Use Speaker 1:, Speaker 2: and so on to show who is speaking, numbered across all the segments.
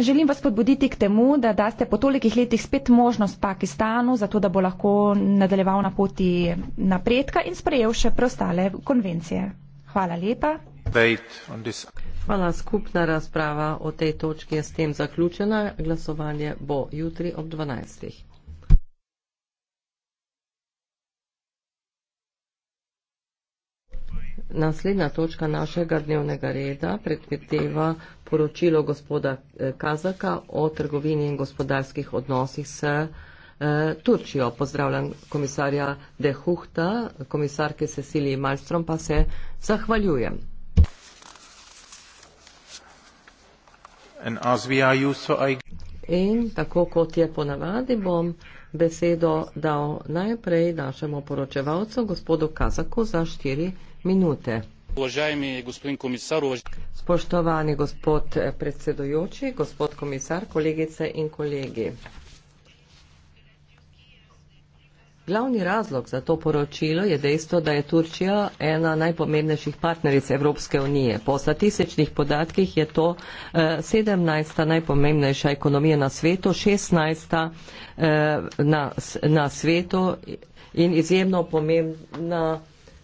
Speaker 1: Želim vas podbuditi k temu, da daste po tolikih letih spet možnost Pakistanu, zato da bo lahko nadaljeval na poti napredka in sprejel še preostale konvencije.
Speaker 2: Hvala lepa. Hvala. Skupna razprava o tej točki je s tem zaključena. Glasovanje bo jutri ob 12. Naslednja točka našega dnevnega reda predpeteva poročilo gospoda eh, Kazaka o trgovini in gospodarskih odnosih s eh, Turčijo. Pozdravljam komisarja De Huhta, komisarke Cecilije Malstrom pa se zahvaljujem. In tako kot je ponavadi, bom besedo dal najprej našemu poročevalcu, gospodu Kazaku, za štiri minute.
Speaker 3: Uvažajni gospodin komisar, uvažajni.
Speaker 2: Spoštovani gospod predsedojoči, gospod komisar, kolegice in kolegi. Glavni razlog za to poročilo je dejstvo, da je Turčija ena najpomembnejših partneric Evropske unije. Po statističnih podatkih je to 17. Eh, najpomembnejša ekonomija na svetu, 16. Eh, na, na svetu in izjemno pomembna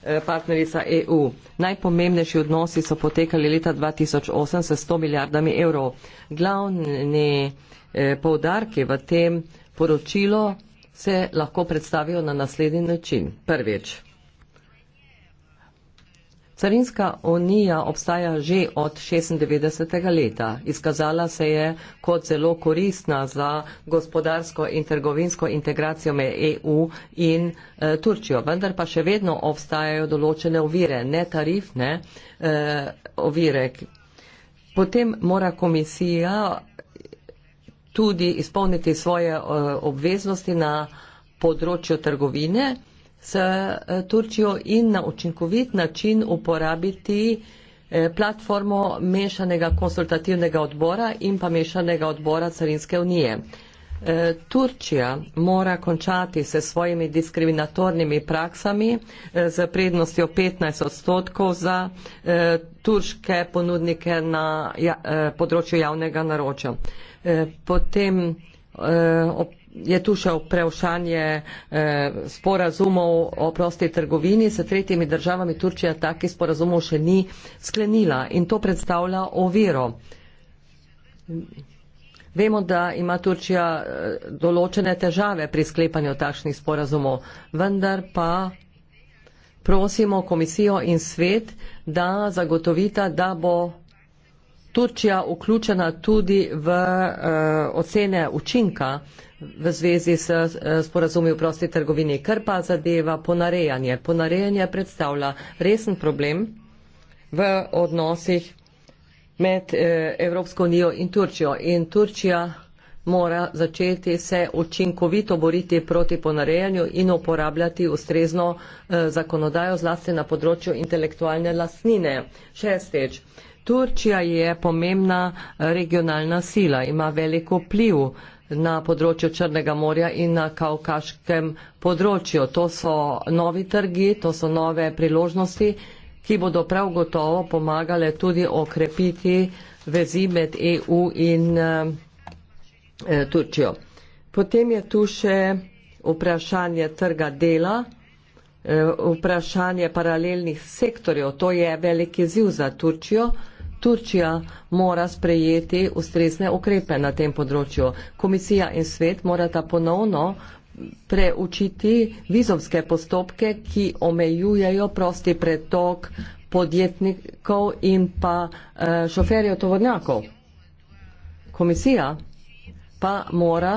Speaker 2: Eh, partnerica EU. Najpomembnejši odnosi so potekali leta 2008 s 100 milijardami evrov. Glavni eh, poudarki v tem poročilu se lahko predstavijo na naslednji način. Prvič. Carinska unija obstaja že od 96. leta. Izkazala se je kot zelo koristna za gospodarsko in trgovinsko integracijo med EU in e, Turčijo. Vendar pa še vedno obstajajo določene ovire, ne tarifne e, ovire. Potem mora komisija tudi izpolniti svoje e, obveznosti na področju trgovine s eh, Turčijo in na učinkovit način uporabiti eh, platformo mešanega konsultativnega odbora in pa mešanega odbora Carinske unije. Eh, Turčija mora končati se svojimi diskriminatornimi praksami z prednostjo 15 odstotkov za turške ponudnike na ja, področju javnega naročja. Potem je tu še vprašanje eh, sporazumov o prosti trgovini s tretjimi državami. Turčija takih sporazumov še ni sklenila in to predstavlja oviro. Vemo, da ima Turčija eh, določene težave pri sklepanju takšnih sporazumov, vendar pa prosimo komisijo in svet, da zagotovita, da bo Turčija vključena tudi v eh, ocene učinka eh, v zvezi s eh, sporazumi v prosti trgovini. Kar pa zadeva ponarejanje. Ponarejanje predstavlja resen problem v odnosih med eh, Evropsko unijo in Turčijo. In Turčija mora začeti se učinkovito boriti proti ponarejanju in uporabljati ustrezno eh, zakonodajo zlasti na področju intelektualne lastnine. Šestič. Turčija je pomembna regionalna sila, ima veliko vpliv na področju Črnega morja in na kaukaškem področju. To so novi trgi, to so nove priložnosti, ki bodo prav gotovo pomagale tudi okrepiti vezi med EU in eh, eh, Turčijo. Potem je tu še vprašanje trga dela, eh, vprašanje paralelnih sektorjev. To je veliki ziv za Turčijo. Turčija mora sprejeti ustrezne ukrepe na tem področju. Komisija in svet morata ponovno preučiti vizovske postopke, ki omejujejo prosti pretok podjetnikov in pa eh, šoferjev tovornjakov. Komisija pa mora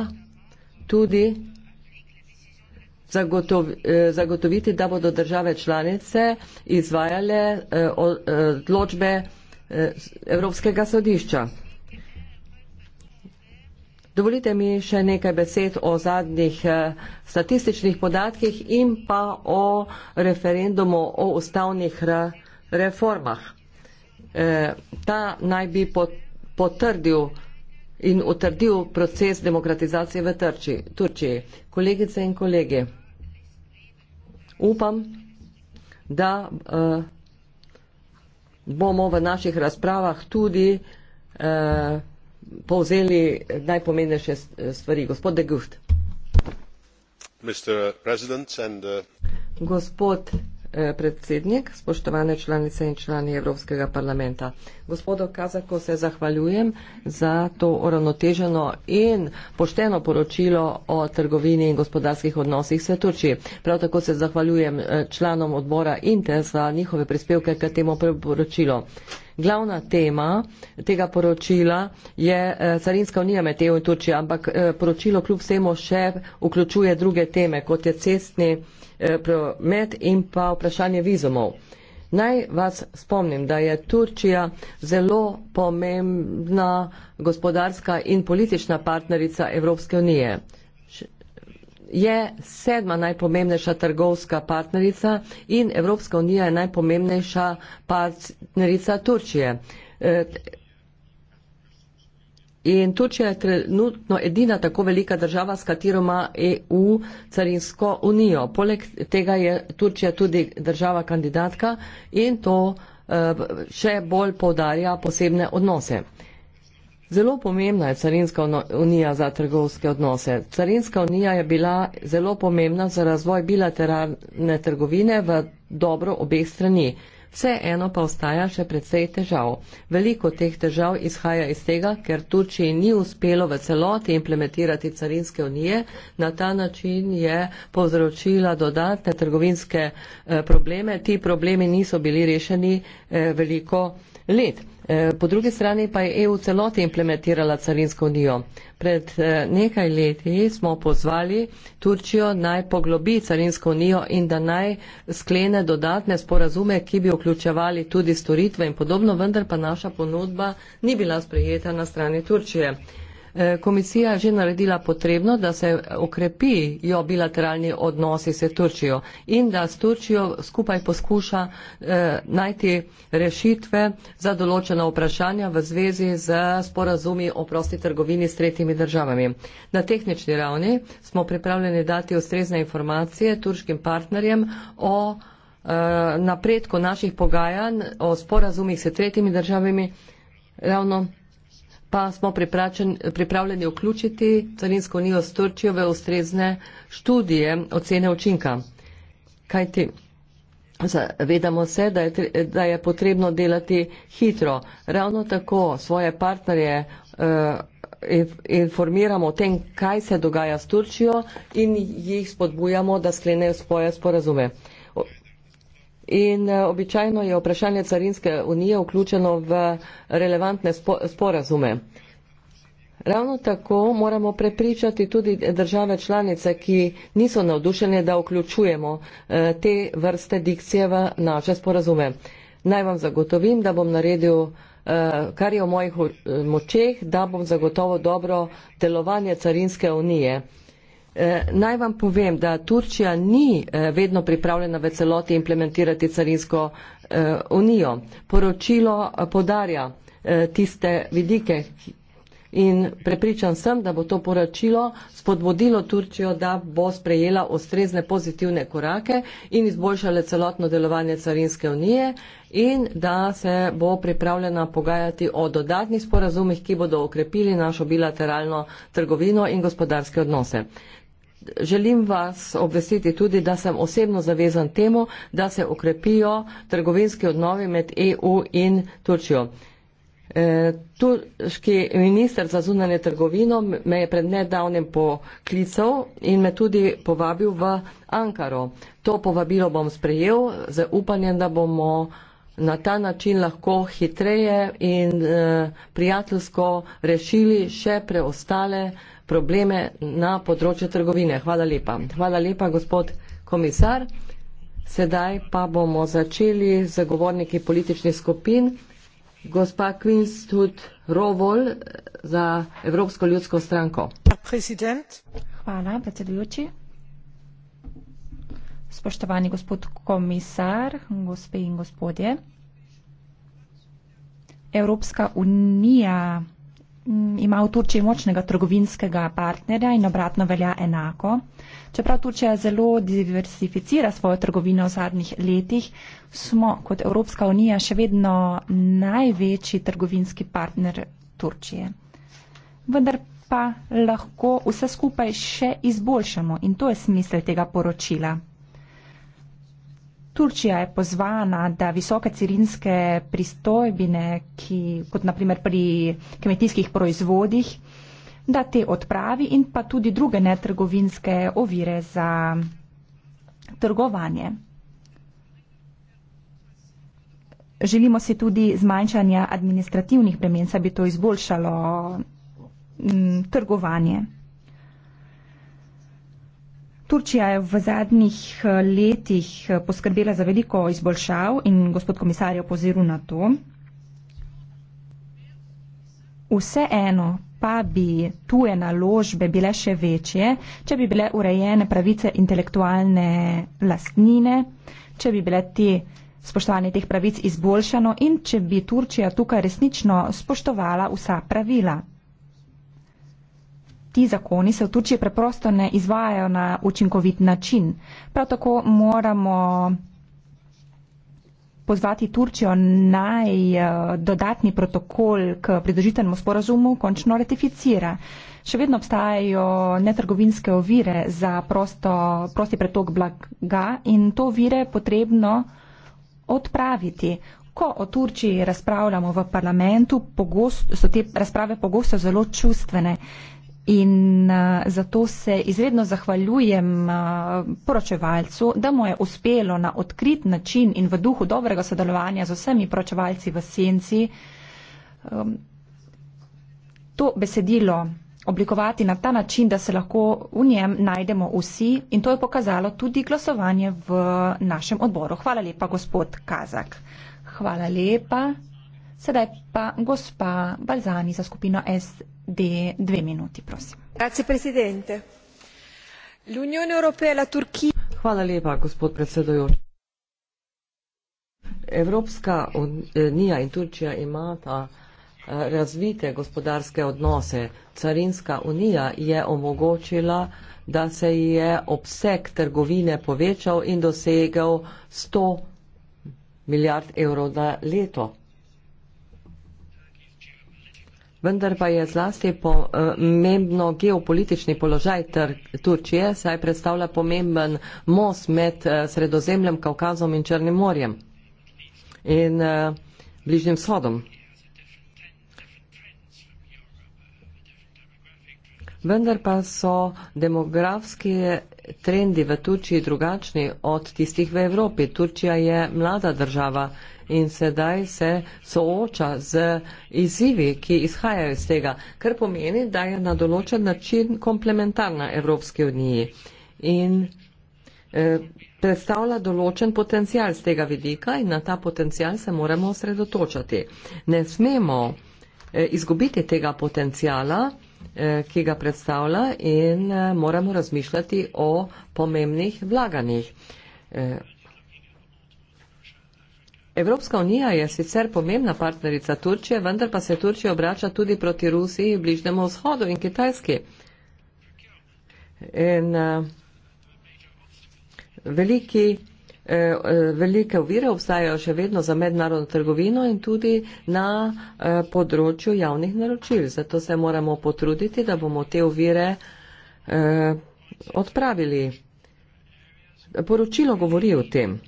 Speaker 2: tudi eh, zagotoviti, da bodo države članice izvajale eh, odločbe, Eh, Evropskega sodišča. Dovolite mi še nekaj besed o zadnjih eh, statističnih podatkih in pa o referendumu o ustavnih eh, reformah. Ta naj bi potrdil in utrdil proces demokratizacije v Turčiji. Kolegice in kolege, upam, da bomo v naših razpravah tudi eh, povzeli najpomembnejše stvari. Gospod de Gucht. Eh, Gospod Eh, predsednik, spoštovane članice in člani Evropskega parlamenta. Gospodo Kazako se zahvaljujem za to uravnoteženo in pošteno poročilo o trgovini in gospodarskih odnosih svetoči. Prav tako se zahvaljujem eh, članom odbora Inter za njihove prispevke k temu poročilu. Glavna tema tega poročila je eh, Carinska unija med EU in Turčijo, ampak poročilo kljub vsemu še vključuje druge teme, kot je cestni Eh, promet in pa vprašanje vizumov. Naj vas spomnim, da je Turčija zelo pomembna gospodarska in politična partnerica Evropske unije. Je sedma najpomembnejša trgovska partnerica in Evropska unija je najpomembnejša partnerica Turčije. Eh, In Turčija je trenutno edina tako velika država, s katero ima EU carinsko unijo. Poleg tega je Turčija tudi država kandidatka in to eh, še bolj povdarja posebne odnose. Zelo pomembna je carinska unija za trgovske odnose. Carinska unija je bila zelo pomembna za razvoj bilateralne trgovine v dobro obeh stranih. Vseeno pa ostaja še predvsej težav. Veliko teh težav izhaja iz tega, ker Turčiji ni uspelo v celoti implementirati carinske unije. Na ta način je povzročila dodatne trgovinske eh, probleme. Ti problemi niso bili rešeni eh, veliko let. E, po drugi strani pa je EU celoti implementirala carinsko unijo. Pred e, nekaj leti smo pozvali Turčijo naj poglobi carinsko unijo in da naj sklene dodatne sporazume, ki bi vključevali tudi storitve in podobno, vendar pa naša ponudba ni bila sprejeta na strani Turčije. Eh, komisija že naredila potrebno, da se okrepijo bilateralni odnosi s Turčijo in da s Turčijo skupaj poskuša eh, najti rešitve za določena vprašanja v zvezi z sporazumi o prosti trgovini s tretjimi državami. Na tehnični ravni smo pripravljeni dati ustrezne informacije turškim partnerjem o eh, napredku naših pogajanj o sporazumih s tretjimi državami ravno pa smo pripravljeni vključiti carinsko unijo s Turčijo v ustrezne študije ocene učinka. Kaj ti? Zavedamo se, da je, da je potrebno delati hitro. Ravno tako svoje partnerje uh, informiramo o tem, kaj se dogaja s Turčijo in jih spodbujamo, da sklenejo svoje sporazume in eh, običajno je vprašanje carinske unije vključeno v relevantne sporazume. Ravno tako moramo prepričati tudi države članice, ki niso navdušene, da vključujemo eh, te vrste dikcije v naše sporazume. Naj vam zagotovim, da bom naredil, eh, kar je v mojih močeh, da bom zagotovil dobro delovanje carinske unije. Eh, naj vam povem, da Turčija ni eh, vedno pripravljena v celoti implementirati carinsko eh, unijo. Poročilo podarja tiste vidike in prepričan sem, da bo to poročilo spodbudilo Turčijo, da bo sprejela ustrezne pozitivne korake in izboljšala celotno delovanje carinske unije in da se bo pripravljena pogajati o dodatnih sporazumih, ki bodo okrepili našo bilateralno trgovino in gospodarske odnose želim vas obvestiti tudi, da sem osebno zavezan temu, da se okrepijo trgovinski odnovi med EU in Turčijo. E, turški minister za zunanje trgovino me je pred nedavnim poklical in me tudi povabil v Ankaro. To povabilo bom sprejel z upanjem, da bomo na ta način lahko hitreje in e, prijateljsko rešili še preostale probleme na področju trgovine. Hvala lepa. Hvala lepa, gospod komisar. Sedaj pa bomo začeli z govorniki političnih skupin. Gospa Quinstud Rovol za Evropsko ljudsko stranko. Hvala,
Speaker 1: predsedujoči. Spoštovani gospod komisar, gospe in gospodje. Evropska unija Mm, ima v Turčiji močnega trgovinskega partnerja in obratno velja enako. Čeprav Turčija zelo diversificira svojo trgovino v zadnjih letih, smo kot Evropska unija še vedno največji trgovinski partner Turčije. Vendar pa lahko vse skupaj še izboljšamo in to je smisel tega poročila. Turčija je pozvana, da visoke cirinske pristojbine, ki, kot naprimer pri kmetijskih proizvodih, da te odpravi in pa tudi druge netrgovinske ovire za trgovanje. Želimo si tudi zmanjšanja administrativnih bremen, saj bi to izboljšalo m, mm, trgovanje. Turčija je v zadnjih eh, letih eh, poskrbela za veliko izboljšav in gospod komisar je opozoril na to. Vseeno pa bi tuje naložbe bile še večje, če bi bile urejene pravice intelektualne lastnine, če bi bile te spoštovanje teh pravic izboljšano in če bi Turčija tukaj resnično spoštovala vsa pravila ti zakoni se v Turčiji preprosto ne izvajajo na učinkovit način. Prav tako moramo pozvati Turčijo naj eh, dodatni protokol k pridružitvenemu sporazumu končno ratificira. Še vedno obstajajo netrgovinske ovire za prosto, prosti pretok blaga in to ovire potrebno odpraviti. Ko o Turčiji razpravljamo v parlamentu, pogost, so te razprave pogosto zelo čustvene. In uh, zato se izredno zahvaljujem uh, poročevalcu, da mu je uspelo na odkrit način in v duhu dobrega sodelovanja z vsemi poročevalci v senci um, to besedilo oblikovati na ta način, da se lahko v njem najdemo vsi in to je pokazalo tudi glasovanje v našem odboru. Hvala lepa, gospod Kazak. Hvala lepa. Sedaj pa gospa Balzani za skupino SD. Dve
Speaker 2: minuti, prosim.
Speaker 1: E
Speaker 2: Hvala lepa, gospod predsedojoč. Evropska unija in Turčija imata eh, razvite gospodarske odnose. Carinska unija je omogočila, da se je obseg trgovine povečal in dosegal 100 milijard evrov na leto. Vendar pa je zlasti pomembno geopolitični položaj Turčije, saj predstavlja pomemben most med eh, Sredozemljem, Kaukazom in Črnim morjem in eh, Bližnjim shodom. Vendar pa so demografski trendi v Turčiji drugačni od tistih v Evropi. Turčija je mlada država in sedaj se sooča z izzivi, ki izhajajo iz tega, kar pomeni, da je na določen način komplementarna Evropske unije in eh, predstavlja določen potencial z tega vidika in na ta potencial se moramo osredotočati. Ne smemo eh, izgubiti tega potencijala eh, ki ga predstavlja in eh, moramo razmišljati o pomembnih vlaganjih. Eh, Evropska unija je sicer pomembna partnerica Turčije, vendar pa se Turčija obrača tudi proti Rusiji, Bližnjemu vzhodu in Kitajski. In, uh, veliki, uh, velike uvire obstajajo še vedno za mednarodno trgovino in tudi na uh, področju javnih naročil. Zato se moramo potruditi, da bomo te uvire uh, odpravili. Poročilo govori o tem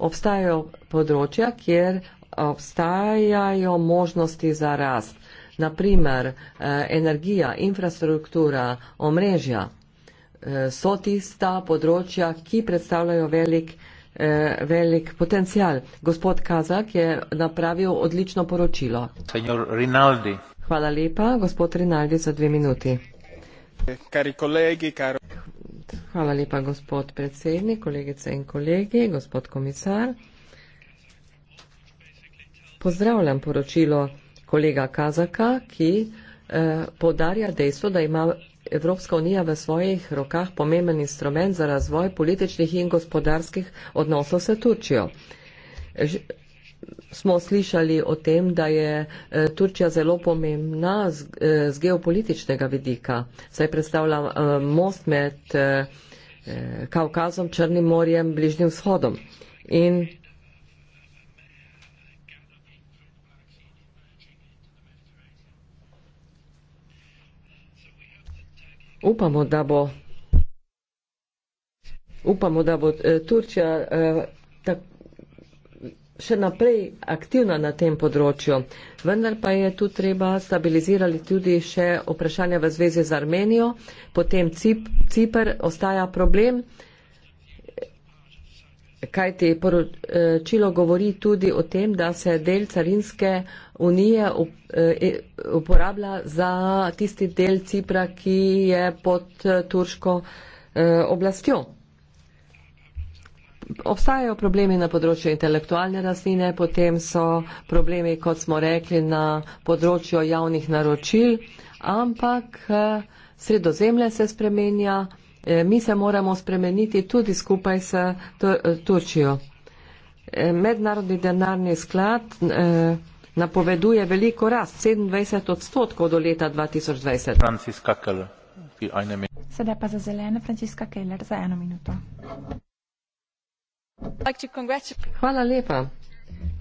Speaker 2: obstajajo področja, kjer obstajajo možnosti za rast. Naprimer, eh, energija, infrastruktura, omrežja eh, so tista področja, ki predstavljajo velik, eh, velik potencial. Gospod Kazak je napravil odlično poročilo. Hvala lepa, gospod Rinaldi, za dve minuti.
Speaker 3: Kari kolegi, kar...
Speaker 2: Hvala lepa, gospod predsednik, kolegice in kolegi, gospod komisar. Pozdravljam poročilo kolega Kazaka, ki eh, podarja dejstvo, da ima Evropska unija v svojih rokah pomemben instrument za razvoj političnih in gospodarskih odnosov s Turčijo smo slišali o tem, da je eh, Turčija zelo pomembna z, eh, z geopolitičnega vidika. Saj predstavlja eh, most med Kaukazom, Črnim morjem, Bližnjim vzhodom. In upamo, da bo, upamo, da bo Turčija tako še naprej aktivna na tem področju, vendar pa je tu treba stabilizirati tudi še vprašanja v zvezi z Armenijo, potem Cip, Cipr ostaja problem, kaj te poročilo govori tudi o tem, da se del carinske unije eh, e, uporablja za tisti del Cipra, ki je pod eh, turško eh, oblastjo obstajajo problemi na področju intelektualne rastline, potem so problemi, kot smo rekli, na področju javnih naročil, ampak eh, sredozemlje se spremenja, eh, mi se moramo spremeniti tudi skupaj s eh, Turčijo. Mednarodni denarni sklad napoveduje veliko rast, 27 odstotkov do leta 2020.
Speaker 1: Sedaj pa za zelene, Franciska Keller, za eno minuto.
Speaker 2: Hvala lepa.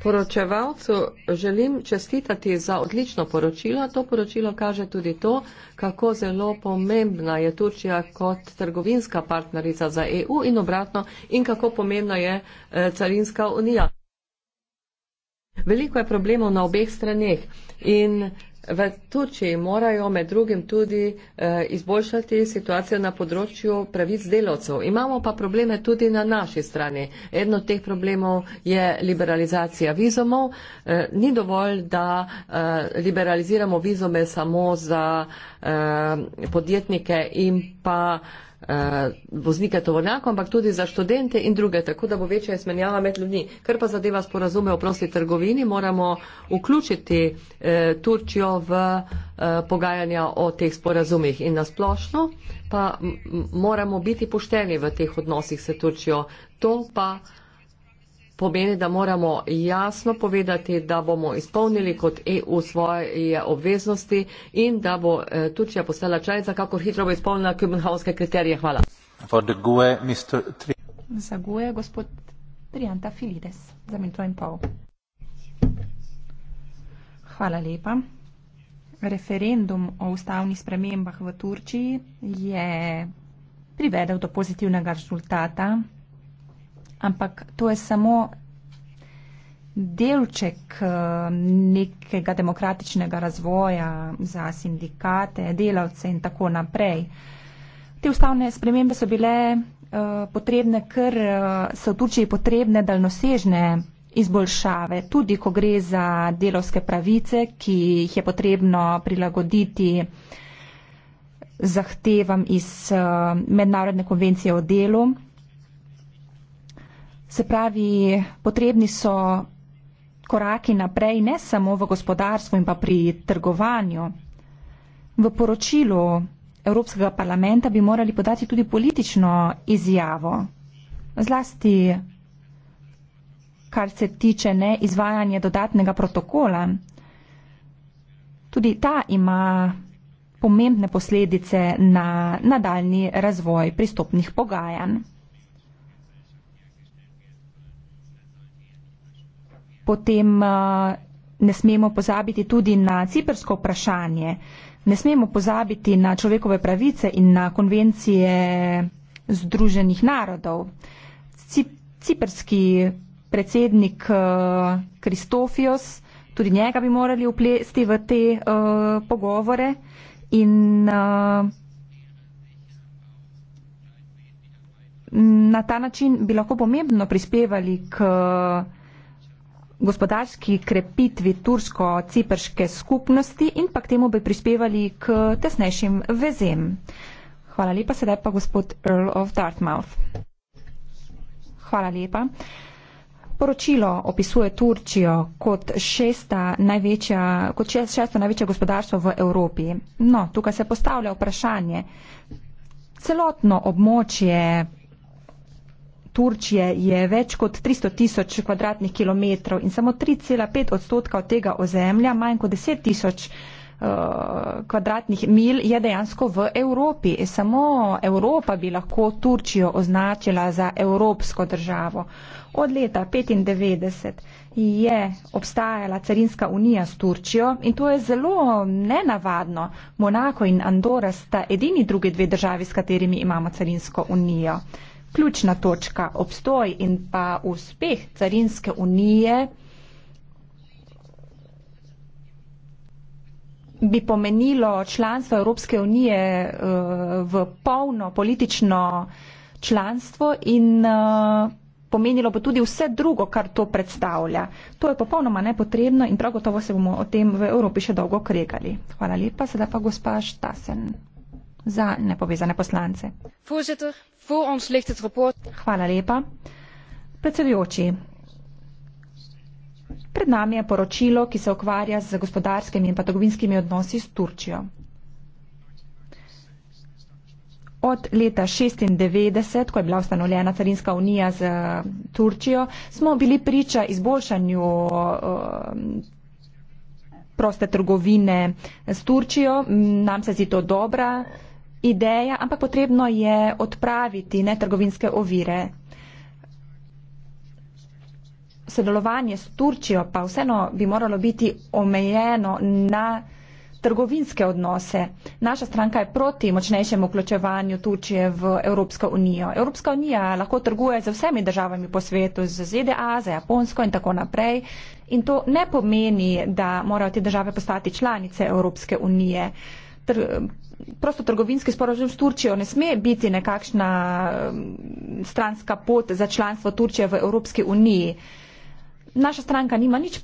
Speaker 2: Poročevalcu želim čestitati za odlično poročilo. To poročilo kaže tudi to, kako zelo pomembna je Turčija kot trgovinska partnerica za EU in obratno in kako pomembna je eh, Carinska unija. Veliko je problemov na obeh straneh in V Turčiji morajo med drugim tudi eh, izboljšati situacijo na področju pravic delavcev. Imamo pa probleme tudi na naši strani. Eno od teh problemov je liberalizacija vizumov. Eh, ni dovolj, da eh, liberaliziramo vizume samo za eh, podjetnike in pa eh, uh, eh, voznike tovornjakov, ampak tudi za študente in druge, tako da bo večja izmenjava med ljudmi. Ker pa zadeva sporazume o prosti trgovini, moramo vključiti uh, Turčijo v uh, pogajanja o teh sporazumih in nasplošno pa moramo biti pošteni v teh odnosih s Turčijo. To pa uh, pomeni, da moramo jasno povedati, da bomo izpolnili kot EU svoje obveznosti in da bo eh, Turčija postala članica, kako hitro bo izpolnila kubenhavske kriterije. Hvala. Gue, za GUE, gospod Trianta Filides, za minuto in pol.
Speaker 1: Hvala lepa. Referendum o ustavnih spremembah v Turčiji je privedel do pozitivnega rezultata ampak to je samo delček eh, nekega demokratičnega razvoja za sindikate, delavce in tako naprej. Te ustavne spremembe so bile eh, potrebne, ker eh, so v Turčiji potrebne daljnosežne izboljšave, tudi ko gre za delovske pravice, ki jih je potrebno prilagoditi zahtevam iz mednarodne konvencije o delu Se pravi, potrebni so koraki naprej ne samo v gospodarstvu in pa pri trgovanju. V poročilu Evropskega parlamenta bi morali podati tudi politično izjavo, zlasti kar se tiče ne izvajanja dodatnega protokola. Tudi ta ima pomembne posledice na nadaljni razvoj pristopnih pogajanj. potem eh, ne smemo pozabiti tudi na ciprsko vprašanje, ne smemo pozabiti na človekove pravice in na konvencije Združenih narodov. Ciprski predsednik eh, Kristofios, tudi njega bi morali uplesti v te uh, pogovore in uh, na ta način bi lahko pomembno prispevali k uh, gospodarski krepitvi tursko-ciperške skupnosti in pa k temu bi prispevali k tesnejšim vezem. Hvala lepa, sedaj pa gospod Earl of Dartmouth. Hvala lepa. Poročilo opisuje Turčijo kot, šesta največja, kot šest, šesto največje gospodarstvo v Evropi. No, tukaj se postavlja vprašanje. Celotno območje Turčije je več kot 300 tisoč kvadratnih kilometrov in samo 3,5 odstotka od tega ozemlja, manj kot 10 tisoč eh, kvadratnih mil je dejansko v Evropi. Samo Evropa bi lahko Turčijo označila za evropsko državo. Od leta 1995 je obstajala carinska unija s Turčijo in to je zelo nenavadno. Monako in Andora sta edini drugi dve državi, s katerimi imamo carinsko unijo. Uh, ključna točka, obstoj in pa uspeh carinske unije bi pomenilo članstvo Evropske unije eh, v polno politično članstvo in eh, pomenilo bo tudi vse drugo, kar to predstavlja. To je popolnoma nepotrebno in prav gotovo se bomo o tem v Evropi še dolgo kregali. Hvala lepa, sedaj pa gospa Štasen za nepovezane poslance. Hvala lepa. Predsedujoči, pred nami je poročilo, ki se ukvarja z gospodarskimi in patogovinskimi odnosi s Turčijo. Od leta 1996, ko je bila ustanovljena carinska unija z Turčijo, smo bili priča izboljšanju eh, proste trgovine s Turčijo. Nam se zdi to dobra ideja, ampak potrebno je odpraviti netrgovinske ovire. Sodelovanje s Turčijo pa vseeno bi moralo biti omejeno na trgovinske odnose. Naša stranka je proti močnejšemu vključevanju Turčije v Evropsko unijo. Evropska unija lahko trguje z vsemi državami po svetu, z ZDA, z Japonsko in tako naprej. In to ne pomeni, da morajo te države postati članice Evropske unije. Tr prosto trgovinski sporozum s Turčijo ne sme biti nekakšna um, stranska pot za članstvo Turčije v Evropski uniji. Naša stranka nima nič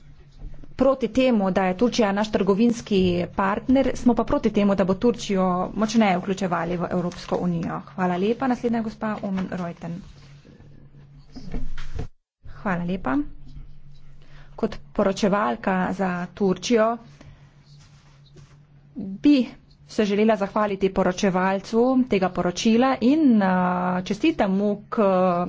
Speaker 1: proti temu, da je Turčija naš trgovinski partner, smo pa proti temu, da bo Turčijo močneje vključevali v Evropsko unijo. Hvala lepa. Naslednja gospa Omen Reuten. Hvala lepa. Kot poročevalka za Turčijo bi se želela zahvaliti poročevalcu tega poročila in uh, čestitam mu k uh,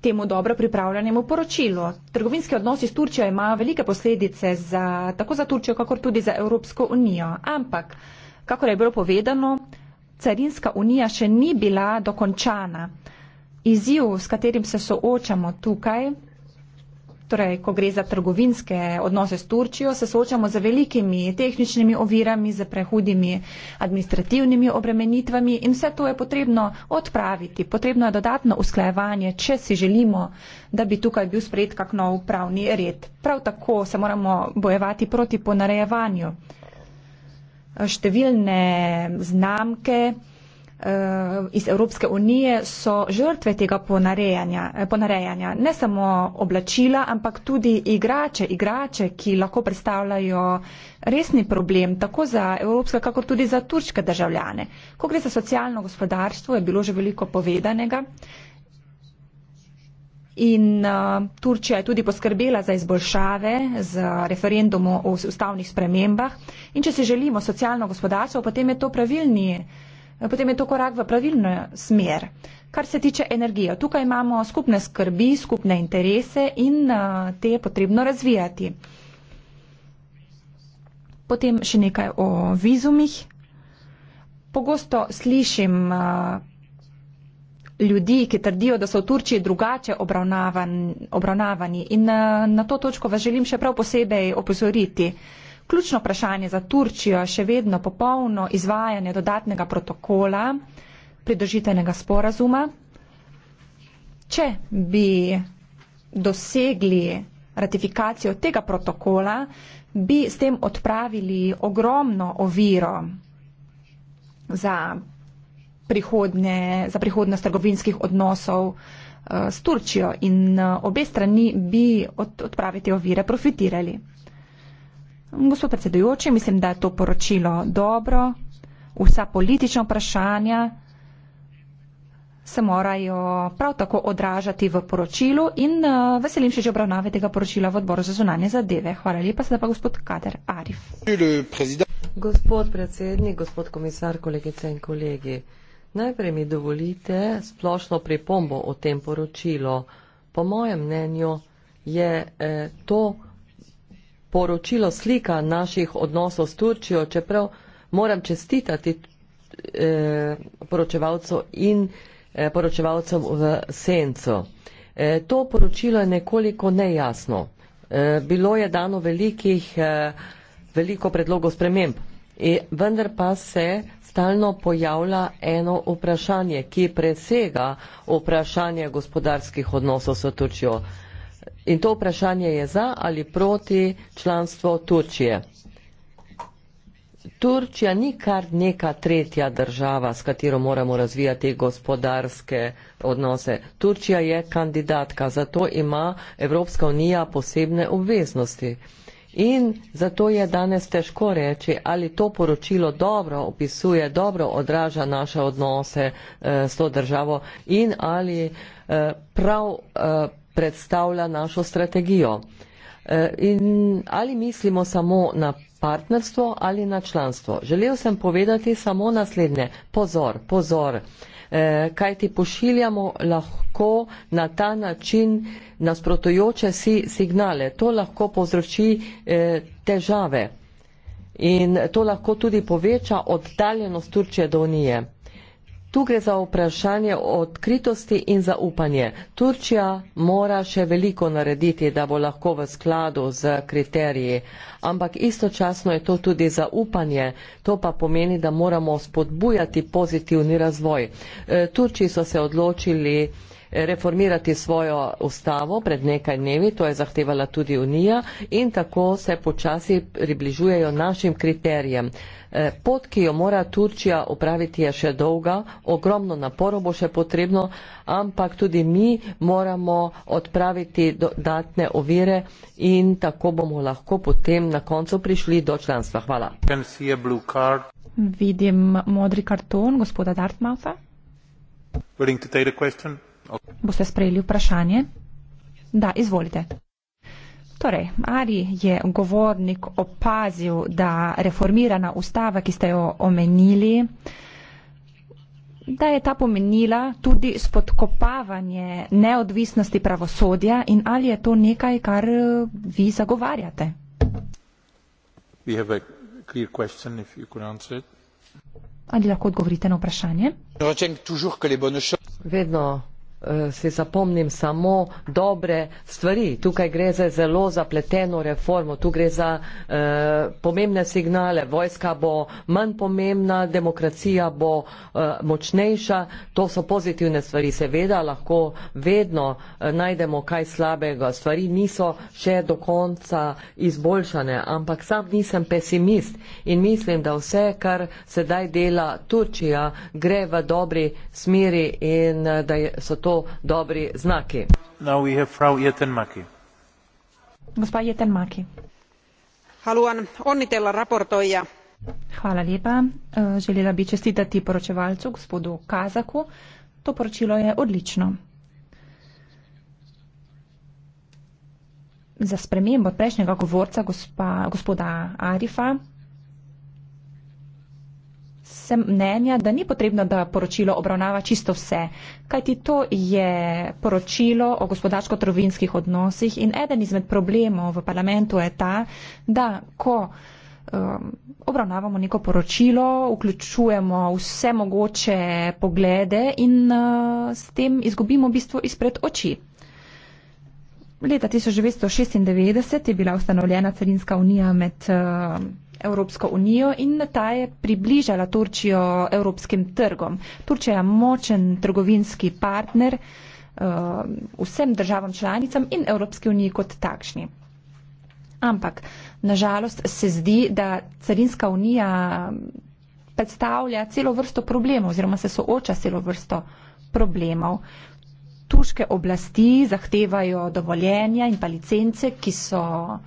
Speaker 1: temu dobro pripravljenemu poročilu. Trgovinski odnosi s Turčijo ima velike posledice za, tako za Turčijo, kakor tudi za Evropsko unijo. Ampak, kako je bilo povedano, carinska unija še ni bila dokončana. Izziv, s katerim se soočamo tukaj, torej ko gre za trgovinske odnose s Turčijo, se soočamo z velikimi tehničnimi ovirami, z prehudimi administrativnimi obremenitvami in vse to je potrebno odpraviti. Potrebno je dodatno usklajevanje, če si želimo, da bi tukaj bil sprejet kak nov pravni red. Prav tako se moramo bojevati proti ponarejevanju. Številne znamke, Eh, iz Evropske unije so žrtve tega ponarejanja, eh, ponarejanja. Ne samo oblačila, ampak tudi igrače, igrače, ki lahko predstavljajo resni problem tako za evropske, kako tudi za turške državljane. Ko gre za socialno gospodarstvo, je bilo že veliko povedanega. In uh, Turčija je tudi poskrbela za izboljšave z referendumom o ustavnih spremembah. In če si želimo socialno gospodarstvo, potem je to pravilnije Eh, potem je to korak v pravilno smer. Kar se tiče energije, tukaj imamo skupne skrbi, skupne interese in eh, te je potrebno razvijati. Potem še nekaj o vizumih. Pogosto slišim eh, ljudi, ki trdijo, da so v Turčiji drugače obravnavan, obravnavani in na to točko vas želim še prav posebej opozoriti. Ključno vprašanje za Turčijo je še vedno popolno izvajanje dodatnega protokola pridožitenega sporazuma. Če bi dosegli ratifikacijo tega protokola, bi s tem odpravili ogromno oviro za, prihodne, za prihodnost trgovinskih odnosov uh, s Turčijo in uh, eh, obe strani bi od, odpraviti ovire profitirali. Gospod predsedujoči, mislim, da je to poročilo dobro. Vsa politična vprašanja se morajo prav tako odražati v poročilu in eh, veselim še že obravnave tega poročila v odboru za zunanje zadeve. Hvala lepa, sedaj pa gospod Kader Arif.
Speaker 2: Gospod predsednik, gospod komisar, kolegice in kolegi, najprej mi dovolite splošno pripombo o tem poročilu. Po mojem mnenju je eh, to poročilo slika naših odnosov s Turčijo, čeprav moram čestitati eh, poročevalcu in eh, poročevalcem v Sencu. Eh, to poročilo je nekoliko nejasno. Eh, bilo je dano velikih, eh, veliko predlogov sprememb, e, vendar pa se stalno pojavlja eno vprašanje, ki presega vprašanje gospodarskih odnosov s Turčijo. In to vprašanje je za ali proti članstvo Turčije. Turčija ni kar neka tretja država, s katero moramo razvijati gospodarske odnose. Turčija je kandidatka, zato ima Evropska unija posebne obveznosti. In zato je danes težko reči, ali to poročilo dobro opisuje, dobro odraža naše odnose eh, s to državo in ali eh, prav. Eh, predstavlja našo strategijo. E, in ali mislimo samo na partnerstvo ali na članstvo. Želel sem povedati samo naslednje. Pozor, pozor. E, Kaj ti pošiljamo lahko na ta način nasprotujoče si signale. To lahko povzroči e, težave. In to lahko tudi poveča oddaljenost Turčije do Unije. Tu gre za vprašanje odkritosti in zaupanje. Turčija mora še veliko narediti, da bo lahko v skladu z kriteriji, ampak istočasno je to tudi zaupanje. To pa pomeni, da moramo spodbujati pozitivni razvoj. E, Turčiji so se odločili, reformirati svojo ustavo pred nekaj dnevi, to je zahtevala tudi Unija in tako se počasi približujejo našim kriterijem. E, pot, ki jo mora Turčija upraviti, je še dolga, ogromno naporov bo še potrebno, ampak tudi mi moramo odpraviti dodatne ovire in tako bomo lahko potem na koncu prišli do članstva. Hvala. Vidim modri karton gospoda Dartmouta.
Speaker 1: Boste sprejeli vprašanje? Da, izvolite. Torej, ali je govornik opazil, da reformirana ustava, ki ste jo omenili, da je ta pomenila tudi spodkopavanje neodvisnosti pravosodja in ali je to nekaj, kar eh, vi zagovarjate?
Speaker 2: Ali lahko odgovorite na vprašanje? Vedno Eh, si zapomnim samo dobre stvari. Tukaj gre za zelo zapleteno reformo, tu gre za uh, pomembne signale. Vojska bo manj pomembna, demokracija bo uh, močnejša. To so pozitivne stvari. Seveda lahko vedno uh, najdemo kaj slabega. Stvari niso še do konca izboljšane, ampak sam nisem pesimist in mislim, da vse, kar sedaj dela Turčija, gre v dobri smeri in uh, da je, so to dobri znaki.
Speaker 1: Haluan onnitella raportoija. Hvala lepa. E, želela bi čestitati poročevalcu, gospodu Kazaku. To poročilo je odlično. Za spremembo prejšnjega govorca, gospa, gospoda Arifa, sem mnenja, da ni potrebno, da poročilo obravnava čisto vse, kajti to je poročilo o gospodarsko-trovinskih odnosih in eden izmed problemov v parlamentu je ta, da ko um, obravnavamo neko poročilo, vključujemo vse mogoče poglede in uh, s tem izgubimo bistvo izpred oči. Leta 1996 je bila ustanovljena carinska unija med uh, Evropsko unijo in ta je približala Turčijo evropskim trgom. Turčija je močen trgovinski partner eh, vsem državam članicam in Evropski uniji kot takšni. Ampak, nažalost, se zdi, da carinska unija predstavlja celo vrsto problemov oziroma se sooča celo vrsto problemov. Tuške oblasti zahtevajo dovoljenja in pa licence, ki so uh,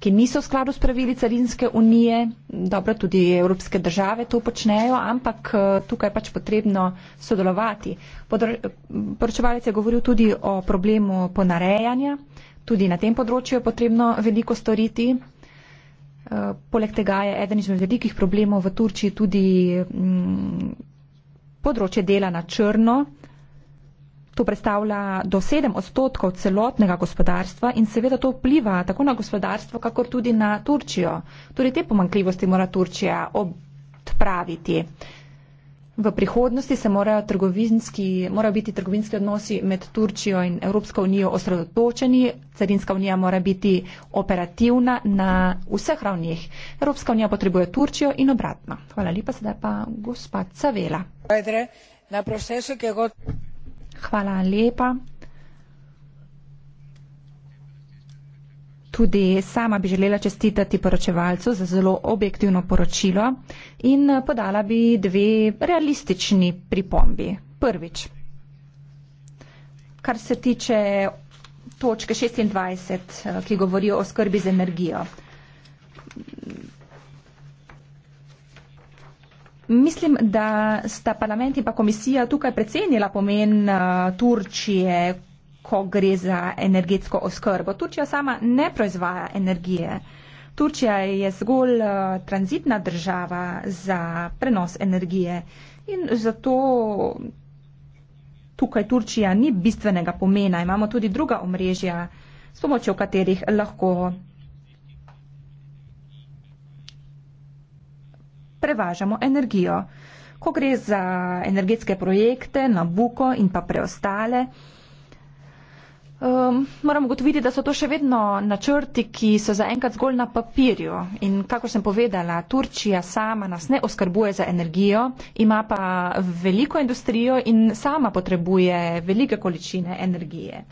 Speaker 1: ki niso v skladu s pravili carinske unije, dobro, tudi evropske države to počnejo, ampak eh, tukaj je pač potrebno sodelovati. Poročevalec je govoril tudi o problemu ponarejanja, tudi na tem področju je potrebno veliko storiti. Eh, poleg tega je eden izmed velikih problemov v Turčiji tudi mm, področje dela na črno. To predstavlja do 7 odstotkov celotnega gospodarstva in seveda to vpliva tako na gospodarstvo, kakor tudi na Turčijo. Torej te pomankljivosti mora Turčija odpraviti. V prihodnosti se morajo, morajo biti trgovinski odnosi med Turčijo in Evropsko unijo osredotočeni, carinska unija mora biti operativna na vseh ravnih. Evropska unija potrebuje Turčijo in obratno. Hvala lepa, sedaj pa gospod Cavela. Na procesu, ki je gotovo. Hvala lepa. Tudi sama bi želela čestitati poročevalcu za zelo objektivno poročilo in eh, podala bi dve realistični pripombi. Prvič, kar se tiče točke 26, eh, ki govori o skrbi z energijo. Mislim, da sta parlament in pa komisija tukaj predsenila pomen uh, Turčije, ko gre za energetsko oskrbo. Turčija sama ne proizvaja energije. Turčija je zgolj uh, tranzitna država za prenos energije in zato tukaj Turčija ni bistvenega pomena. Imamo tudi druga omrežja, s pomočjo katerih lahko prevažamo energijo. Ko gre za energetske projekte, Nabuko in pa preostale, um, moramo gotoviti, da so to še vedno načrti, ki so zaenkrat zgolj na papirju. In kako sem povedala, Turčija sama nas ne oskrbuje za energijo, ima pa veliko industrijo in sama potrebuje velike količine energije.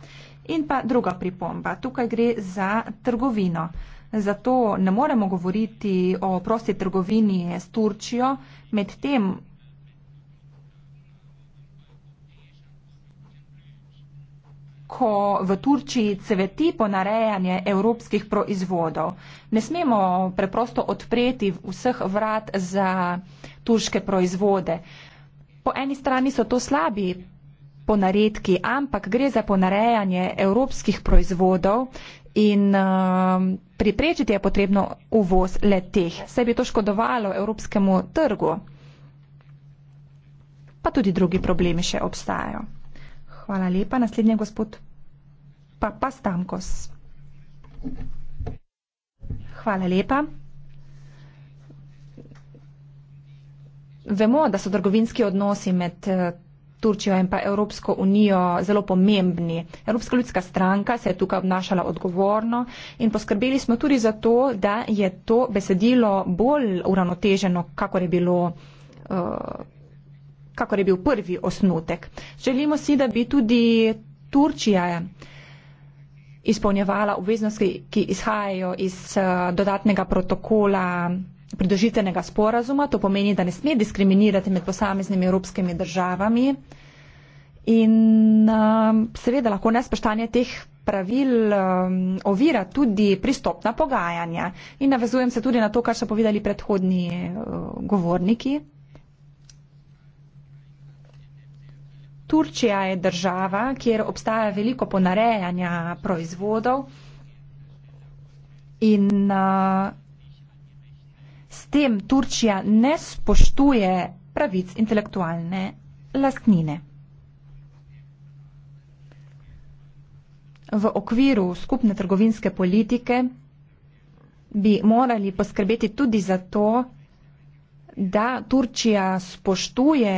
Speaker 1: In pa druga pripomba, tukaj gre za trgovino. Zato ne moremo govoriti o prosti trgovini s Turčijo, med tem ko v Turčiji cveti ponarejanje evropskih proizvodov. Ne smemo preprosto odpreti vseh vrat za turške proizvode. Po eni strani so to slabi ponaredki, ampak gre za ponarejanje evropskih proizvodov in um, priprečiti je potrebno uvoz le teh. Vse bi to škodovalo evropskemu trgu. Pa tudi drugi problemi še obstajajo. Hvala lepa. Naslednji je gospod Papa Stamkos. Hvala lepa. Vemo, da so trgovinski odnosi med Turčijo in pa Evropsko unijo zelo pomembni. Evropska ljudska stranka se je tukaj obnašala odgovorno in poskrbeli smo tudi za to, da je to besedilo bolj uravnoteženo, kakor je bilo. Uh, kakor je bil prvi osnutek. Želimo si, da bi tudi Turčija izpolnjevala obveznosti, ki izhajajo iz eh, dodatnega protokola pridružitvenega sporazuma. To pomeni, da ne sme diskriminirati med posameznimi evropskimi državami. In um, seveda lahko nespoštanje teh pravil um, ovira tudi pristopna pogajanja. In navezujem se tudi na to, kar so povedali predhodni uh, govorniki. Turčija je država, kjer obstaja veliko ponarejanja proizvodov in uh, S tem Turčija ne spoštuje pravic intelektualne lastnine. V okviru skupne trgovinske politike bi morali poskrbeti tudi za to, da Turčija spoštuje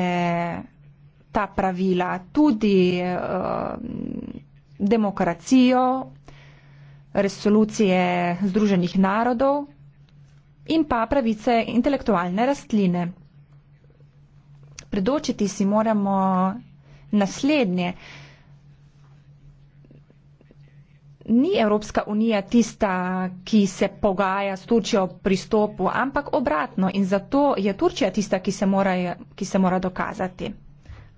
Speaker 1: ta pravila, tudi uh, demokracijo, resolucije Združenih narodov in pa pravice intelektualne rastline. Predočiti si moramo naslednje. Ni Evropska unija tista, ki se pogaja s Turčijo pristopu, ampak obratno in zato je Turčija tista, ki se mora, ki se mora dokazati.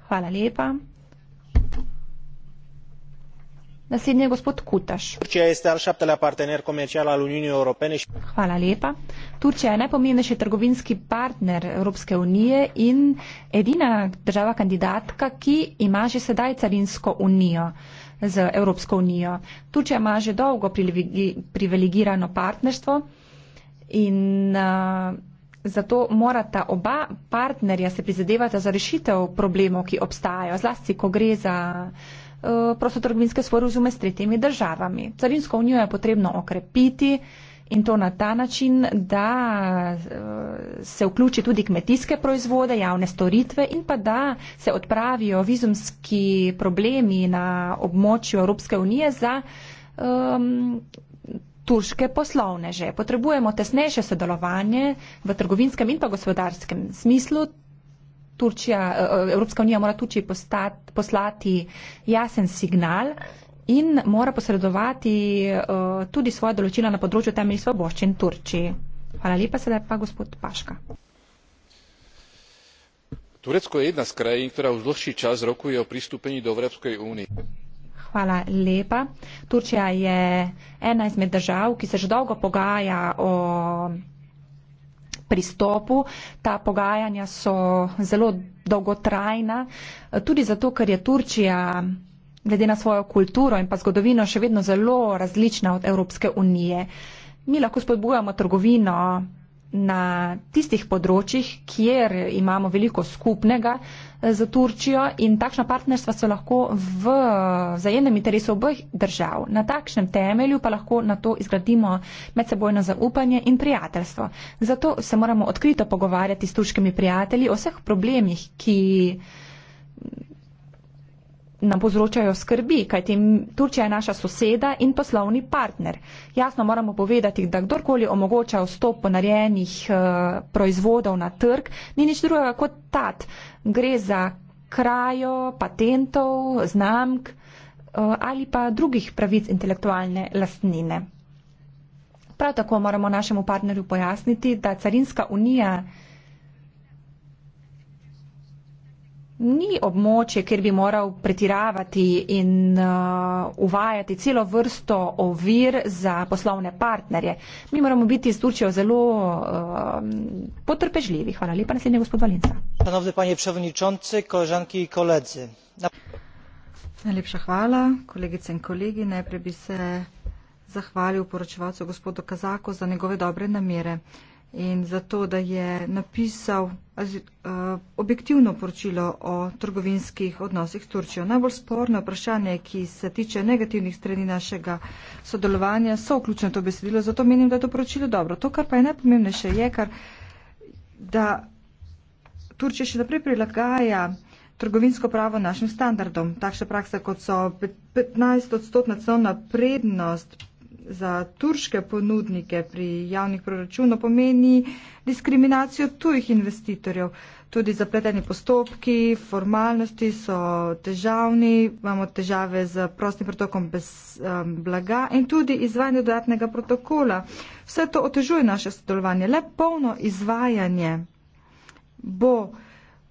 Speaker 1: Hvala lepa. Naslednji je gospod Kutaš. Turčija
Speaker 3: je star šaptela partner komercial al Uniji Evropene.
Speaker 1: Hvala lepa. Turčija je najpomembnejši trgovinski partner Evropske unije in edina država kandidatka, ki ima že sedaj carinsko unijo z Evropsko unijo. Turčija ima že dolgo privilegirano partnerstvo in uh, zato morata oba partnerja se prizadevati za rešitev problemov, ki obstajajo, zlasti ko gre za. Eh, prostotrgovinske sporozume s tretjimi državami. Carinsko unijo je potrebno okrepiti in to na ta način, da eh, se vključi tudi kmetijske proizvode, javne storitve in pa da se odpravijo vizumski problemi na območju Evropske unije za um, turške poslovneže. Potrebujemo tesnejše sodelovanje v trgovinskem in pa gospodarskem smislu Turčija, eh, eh, Evropska unija mora Turčiji postati, poslati jasen signal in mora posredovati eh, tudi svoje določila na področju temeljih svoboščin Turčiji. Hvala lepa, sedaj pa gospod Paška. Turecko je jedna z krajín, ktorá už dlhší čas rokuje o pristúpení do Európskej únie. Hvala lepa. Turčija je ena izmed držav, ki se že dolgo pogaja o pristopu. Ta pogajanja so zelo dolgotrajna, tudi zato, ker je Turčija glede na svojo kulturo in pa zgodovino še vedno zelo različna od Evropske unije. Mi lahko spodbujamo trgovino na tistih področjih, kjer imamo veliko skupnega eh, za Turčijo in takšna partnerstva so lahko v eh, zajednem interesu obojih držav. Na takšnem temelju pa lahko na to izgradimo medsebojno zaupanje in prijateljstvo. Zato se moramo odkrito pogovarjati s turškimi prijatelji o vseh problemih, ki nam povzročajo skrbi, kajti Turčija je naša soseda in poslovni partner. Jasno moramo povedati, da kdorkoli omogoča vstop ponarejenih eh, proizvodov na trg, ni nič drugega kot tat. Gre za krajo patentov, znamk eh, ali pa drugih pravic intelektualne lastnine. Prav tako moramo našemu partnerju pojasniti, da carinska unija ni območje, kjer bi moral pretiravati in uh, uvajati celo vrsto ovir za poslovne partnerje. Mi moramo biti z Turčijo zelo uh, potrpežljivi. Hvala lepa, naslednji gospod Valenca.
Speaker 3: Panovde, panje predsedujoče, koležanki in kolegi.
Speaker 1: Na... Najlepša hvala, kolegice in kolegi. Najprej bi se
Speaker 3: zahvalil poročevalcu gospodu Kazaku za njegove dobre namere. Uh, in zato, da je napisal eh, objektivno poročilo o trgovinskih odnosih s Turčijo. Najbolj sporno vprašanje, ki se tiče negativnih strani našega sodelovanja, so vključeno to besedilo, zato menim, da je to poročilo dobro. To, kar pa je najpomembnejše, je, kar, da Turčija še naprej prilagaja trgovinsko pravo našim standardom. Takšna praksa, kot so 15-odstotna cenovna prednost za turške ponudnike pri javnih proračunov pomeni diskriminacijo tujih investitorjev. Tudi zapleteni postopki, formalnosti so težavni, imamo težave z prostim protokom bez um, blaga in tudi izvajanje dodatnega protokola. Vse to otežuje naše sodelovanje. Le polno izvajanje bo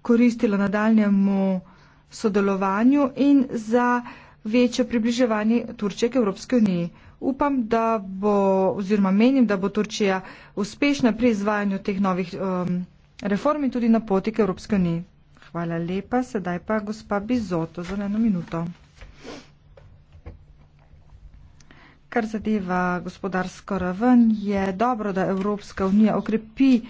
Speaker 3: koristilo nadaljemu sodelovanju in za večje približevanje Turčije k Evropske unije upam, da bo, oziroma menim, da bo Turčija uspešna pri izvajanju teh novih um, reform in tudi na poti k Evropske unije. Hvala lepa, sedaj pa gospa Bizoto za eno minuto. Kar zadeva gospodarsko raven, je dobro, da Evropska unija okrepi uh,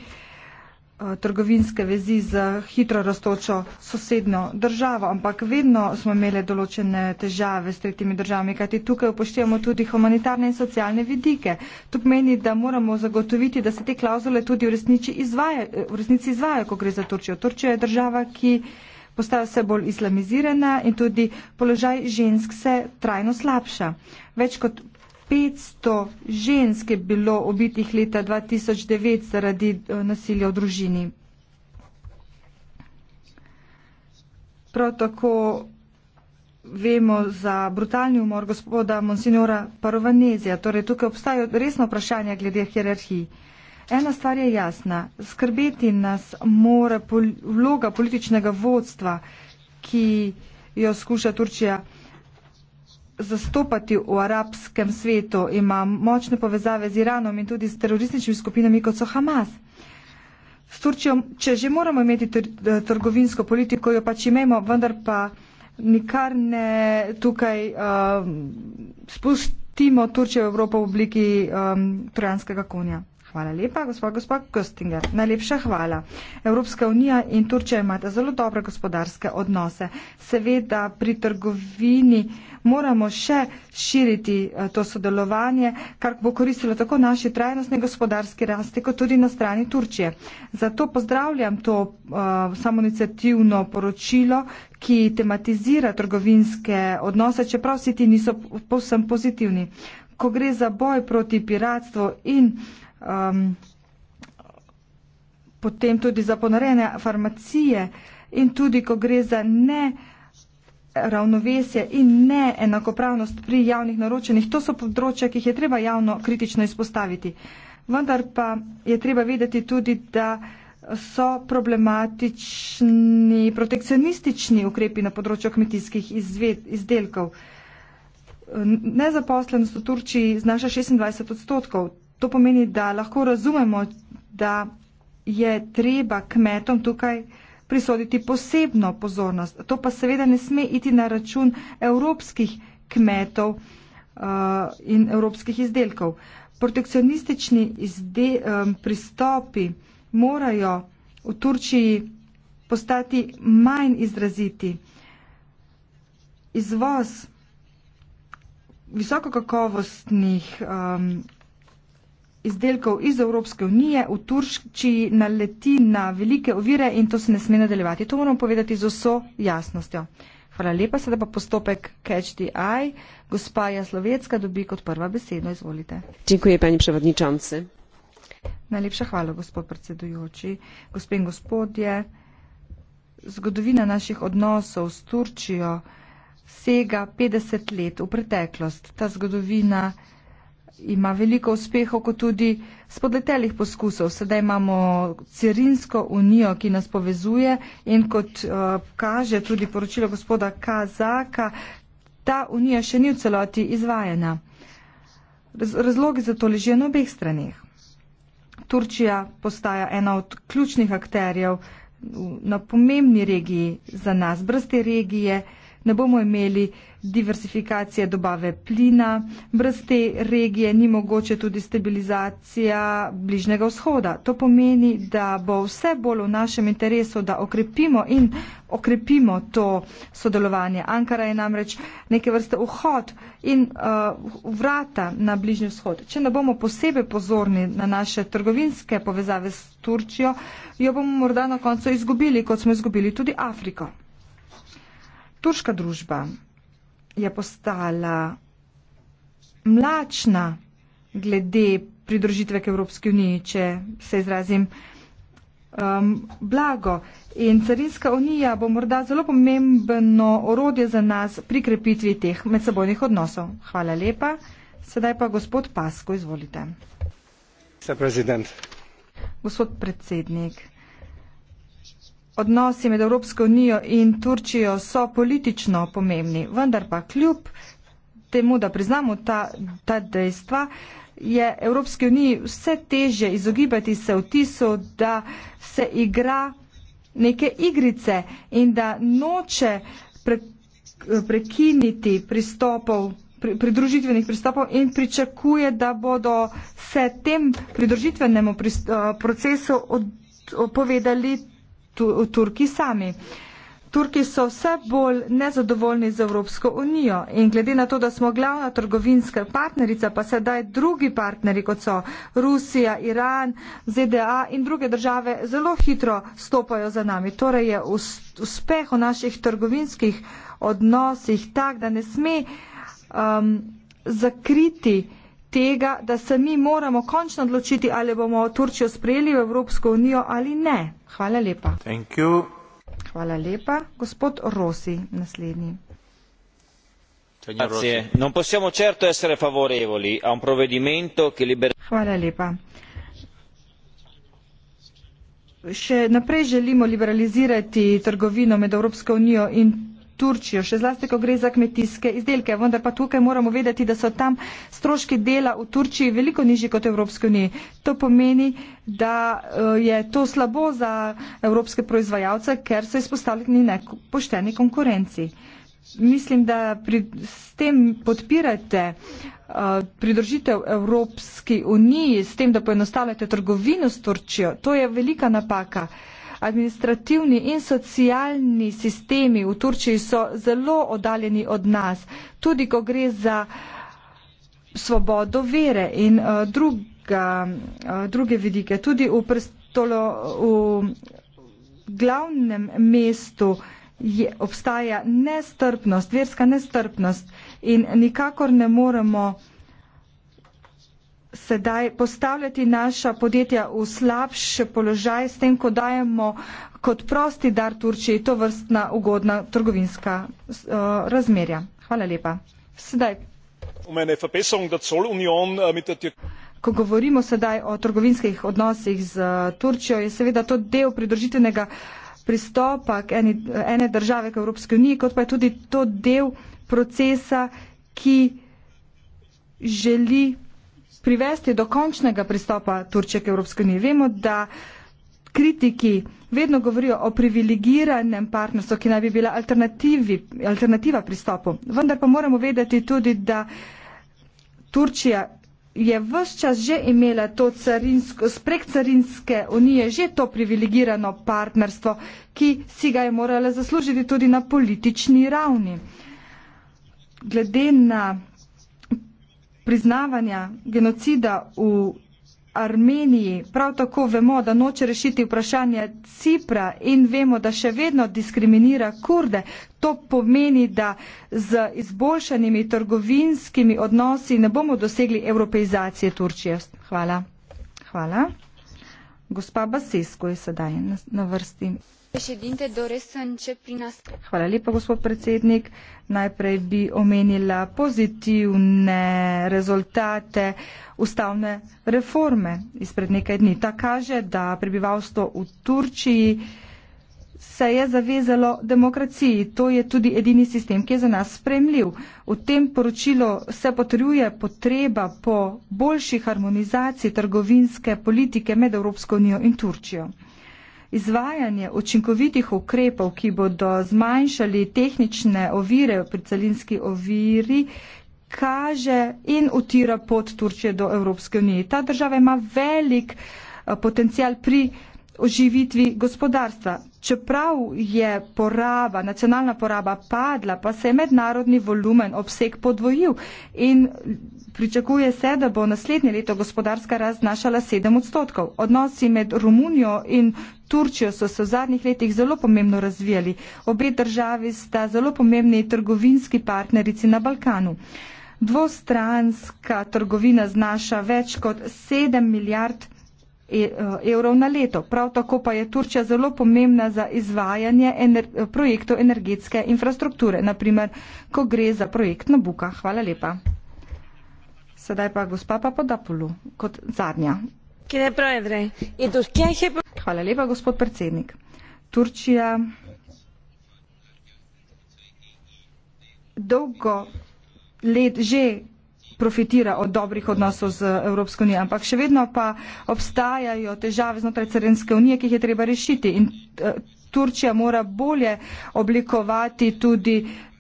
Speaker 3: Eh, trgovinske vezi z hitro rastočo sosedno državo, ampak vedno smo imeli določene težave s tretjimi državami, kajti tukaj upoštevamo tudi humanitarne in socialne vidike. To pomeni, da moramo zagotoviti, da se te klauzule tudi v resnici izvajajo, eh, v resnici izvajajo ko gre za Turčijo. Turčija je država, ki postaja vse bolj islamizirana in tudi položaj žensk se trajno slabša. Več kot 500 žensk je bilo obitih leta 2009 zaradi eh, nasilja v družini. Prav tako vemo za brutalni umor gospoda monsignora Parovanezija. Torej, tukaj obstajajo resno vprašanja glede hierarhiji. Ena stvar je jasna. Skrbeti nas mora vloga političnega vodstva, ki jo skuša Turčija zastopati v arabskem svetu, ima močne povezave z Iranom in tudi s terorističnimi skupinami, kot so Hamas. S Turčijo, če že moramo imeti trgovinsko politiko, jo pač imemo, vendar pa nikar ne tukaj uh, spustimo Turčijo v Evropo v obliki um, trojanskega konja. Hvala lepa, gospod, gospod Göstinger. Najlepša hvala. Evropska unija in Turčija imata zelo dobre gospodarske odnose. Seveda pri trgovini moramo še širiti eh, to sodelovanje, kar bo koristilo tako naši trajnostni gospodarski rasti, kot tudi na strani Turčije. Zato pozdravljam to uh, eh, samonicativno poročilo, ki tematizira trgovinske odnose, čeprav vsi ti niso povsem pozitivni. Ko gre za boj proti piratstvu in uh, um, potem tudi za ponarejene farmacije in tudi, ko gre za ne ravnovesje in ne enakopravnost pri javnih naročenih. To so področja, ki jih je treba javno kritično izpostaviti. Vendar pa je treba vedeti tudi, da so problematični protekcionistični ukrepi na področju kmetijskih izdelkov. Nezaposlenost v Turčiji znaša 26 odstotkov. To pomeni, da lahko razumemo, da je treba kmetom tukaj prisoditi posebno pozornost. To pa seveda ne sme iti na račun evropskih kmetov uh, in evropskih izdelkov. Protekcionistični izde, um, pristopi morajo v Turčiji postati manj izraziti. Izvoz visokokakovostnih um, izdelkov iz Evropske unije v Turčiji naleti na velike ovire in to se ne sme nadaljevati. To moramo povedati z vso jasnostjo. Hvala lepa, sedaj pa postopek Catch the Eye. Gospa Jaslovecka dobi kot prva besedo,
Speaker 1: izvolite. Dziękuję, pani przewodniczący.
Speaker 3: Najlepša hvala, gospod predsedujoči. Gospe in gospodje, zgodovina naših odnosov s Turčijo sega 50 let v preteklost. Ta zgodovina ima veliko uspehov, kot tudi spodletelih poskusov. Sedaj imamo Cirinsko unijo, ki nas povezuje in kot uh, kaže tudi poročilo gospoda Kazaka, ta unija še ni v celoti izvajena. Raz razlogi za to ležijo na obeh stranih. Turčija postaja ena od ključnih akterjev na pomembni regiji za nas. Brez te regije uh, ne bomo imeli diversifikacije dobave plina, brez te regije ni mogoče tudi stabilizacija bližnjega vzhoda. To pomeni, da bo vse bolj v našem interesu, da okrepimo in okrepimo to sodelovanje. Ankara je namreč neke vrste vhod in uh, vrata na bližnji vzhod. Če ne bomo posebej pozorni na naše trgovinske povezave s Turčijo, jo bomo morda na koncu izgubili, kot smo izgubili tudi Afriko. Turška družba je postala mlačna glede pridružitve k Evropski uniji, če se izrazim um, blago. In carinska unija bo morda zelo pomembno orodje za nas pri krepitvi teh medsebojnih odnosov. Hvala lepa. Sedaj pa gospod Pasko, izvolite. Gospod predsednik odnosi med Evropsko unijo in Turčijo so politično pomembni, vendar pa kljub temu, da priznamo ta, ta dejstva, je Evropski uniji vse teže izogibati se vtisu, da se igra neke igrice in da noče pre, prekiniti pristopov, pri, pridružitvenih pristopov in pričakuje, da bodo se tem pridružitvenemu pristo, procesu od, od, od, povedali tu, Turki sami. Turki so vse bolj nezadovoljni z Evropsko unijo in glede na to, da smo glavna trgovinska partnerica, pa sedaj drugi partneri, kot so Rusija, Iran, ZDA in druge države, zelo hitro stopajo za nami. Torej je uspeh v naših trgovinskih odnosih tak, da ne sme um, zakriti uh, tega, da se mi moramo končno odločiti, ali bomo Turčijo sprejeli v Evropsko unijo ali ne. Hvala lepa. Hvala lepa. Gospod Rosi, naslednji. Hvala lepa. Še naprej želimo liberalizirati trgovino med Evropsko unijo in Turčijo. Turčijo, še zlasti, ko gre za kmetijske izdelke. Vendar pa tukaj moramo vedeti, da so tam stroški dela v Turčiji veliko nižji kot v Evropski uniji. To pomeni, da eh, je to slabo za evropske proizvajalce, ker so izpostavljeni nepošteni konkurenci. Mislim, da pri, s tem podpirate eh, pridržitev Evropski uniji, s tem, da poenostavljate trgovino s Turčijo. To je velika napaka. Administrativni in socialni sistemi v Turčiji so zelo oddaljeni od nas, tudi ko gre za svobodo vere in uh, druga, uh, druge vidike. Tudi v, prestolo, v glavnem mestu je, obstaja nestrpnost, verska nestrpnost in nikakor ne moremo sedaj postavljati naša podjetja v slabši položaj s tem, ko dajemo kot prosti dar Turčiji to vrstna ugodna trgovinska uh, razmerja. Hvala lepa. Sedaj.
Speaker 1: Um äh,
Speaker 3: ko govorimo sedaj o trgovinskih odnosih z eh, Turčijo, je seveda to del pridružitvenega pristopa k eni, ene države, k Evropske unije, kot pa je tudi to del procesa, ki želi privesti do končnega pristopa Turčije k Evropske unije. Vemo, da kritiki vedno govorijo o privilegiranem partnerstvu, ki naj bi bila alternativa pristopu. Vendar pa moramo vedeti tudi, da Turčija je vse čas že imela to carinsko, sprek carinske unije, že to privilegirano partnerstvo, ki si ga je morala zaslužiti tudi na politični ravni. Glede na priznavanja genocida v Armeniji, prav tako vemo, da noče rešiti vprašanje Cipra in vemo, da še vedno diskriminira kurde. To pomeni, da z izboljšanimi trgovinskimi odnosi ne bomo dosegli evropeizacije Turčije. Hvala. Hvala. Gospa Basesko je sedaj na vrsti gospod predsednik najprej bi omenila pozitivne rezultate ustavne reforme izpred nekaj dni. Ta kaže, da prebivalstvo v Turčiji se je zavezalo demokraciji. To je tudi edini sistem, ki je za nas spremljiv. V tem poročilu se potrjuje potreba po boljši harmonizaciji trgovinske politike med Evropsko unijo in Turčijo. Izvajanje učinkovitih ukrepov, ki bodo zmanjšali tehnične ovire pri celinski oviri, kaže in utira pot Turčije do Evropske unije. Ta država ima velik eh, potencial pri oživitvi gospodarstva. Čeprav je poraba, nacionalna poraba padla, pa se je mednarodni volumen, obseg podvojil in pričakuje se, da bo naslednje leto gospodarska rast znašala 7 odstotkov. Odnosi med Romunijo in Turčijo so se v zadnjih letih zelo pomembno razvijali. Obe državi sta zelo pomembni trgovinski partnerici na Balkanu. Dvostranska trgovina znaša več kot 7 milijard evrov E, e, evrov na leto. Prav tako pa je Turčija zelo pomembna za izvajanje ener projektov energetske infrastrukture, naprimer, ko gre za projekt Nabuka. Hvala lepa. Sedaj pa gospa Papadopoulou kot zadnja. Hvala lepa, gospod predsednik. Turčija dolgo let že profitira od dobrih odnosov z Evropsko unijo, ampak še vedno pa obstajajo težave znotraj Carinske unije, ki jih je treba rešiti. In eh, Turčija mora bolje oblikovati tudi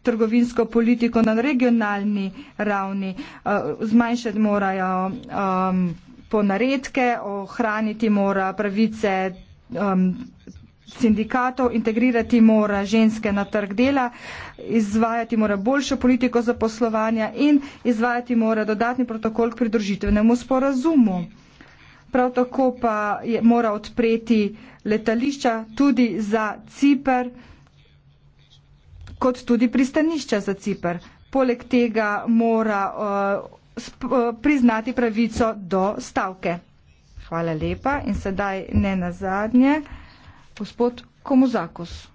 Speaker 3: trgovinsko politiko na regionalni ravni. Eh, zmanjšati morajo eh, ponaredke, ohraniti mora pravice sindikatov, integrirati mora ženske na trg dela, izvajati mora boljšo politiko zaposlovanja in izvajati mora dodatni protokol k pridružitvenemu sporazumu. Prav tako pa je, mora odpreti letališča tudi za Cipr, kot tudi pristanišča za Cipr. Poleg tega mora uh, sp, uh, priznati pravico do stavke. Hvala lepa in sedaj ne nazadnje gospod komuzakos.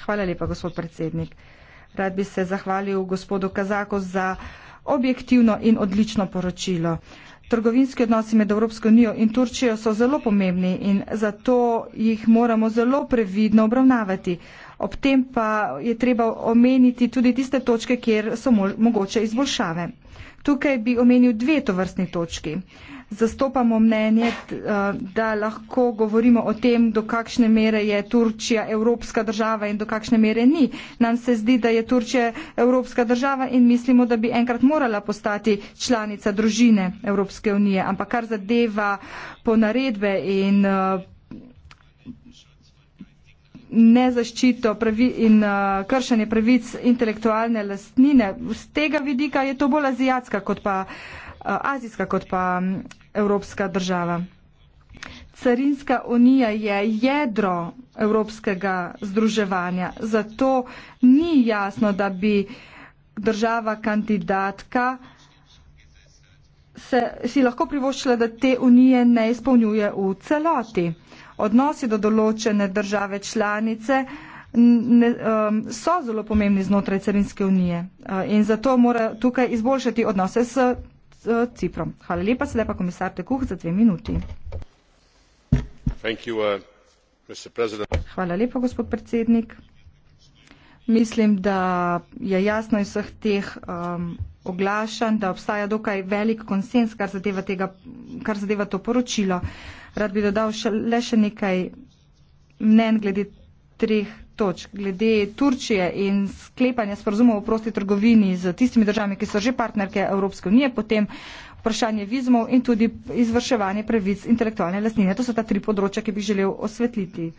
Speaker 3: Hvala lepa, gospod predsednik. Rad bi se zahvalil gospodu Kazakos za objektivno in odlično poročilo. Trgovinski odnosi med Evropsko unijo in Turčijo so zelo pomembni in zato jih moramo zelo previdno obravnavati. Ob tem pa je treba omeniti tudi tiste točke, kjer so mogoče izboljšave. Tukaj bi omenil dve tovrstni točki. Zastopamo mnenje, eh, da lahko govorimo o tem, do kakšne mere je Turčija evropska država in do kakšne mere ni. Nam se zdi, da je Turčija evropska država in mislimo, da bi enkrat morala postati članica družine Evropske unije. Ampak kar zadeva po naredbe in eh, nezaščito pravi in uh, kršenje pravic intelektualne lastnine. Z tega vidika je to bolj azijatska kot pa uh, azijska kot pa um, evropska država. Carinska unija je jedro evropskega združevanja, zato ni jasno, da bi država kandidatka se, si lahko privoščila, da te unije ne izpolnjuje v celoti odnosi do določene države članice ne, um, so zelo pomembni znotraj carinske unije uh, in zato mora tukaj izboljšati odnose s, s Ciprom. Hvala lepa, sedaj pa komisar Tekuh za dve minuti.
Speaker 2: You, uh,
Speaker 3: Hvala lepa, gospod predsednik. Mislim, da je jasno iz vseh teh um, oglašanj, da obstaja dokaj velik konsens, kar zadeva, tega, kar zadeva to poročilo. Uh, rad bi dodal še, le še nekaj mnen glede treh točk. Glede Turčije in sklepanja sporozumov o prosti trgovini z tistimi državami, ki so že partnerke Evropske unije, potem vprašanje vizmov in tudi izvrševanje pravic intelektualne lasnine. To so ta tri področja, ki bi želel osvetliti.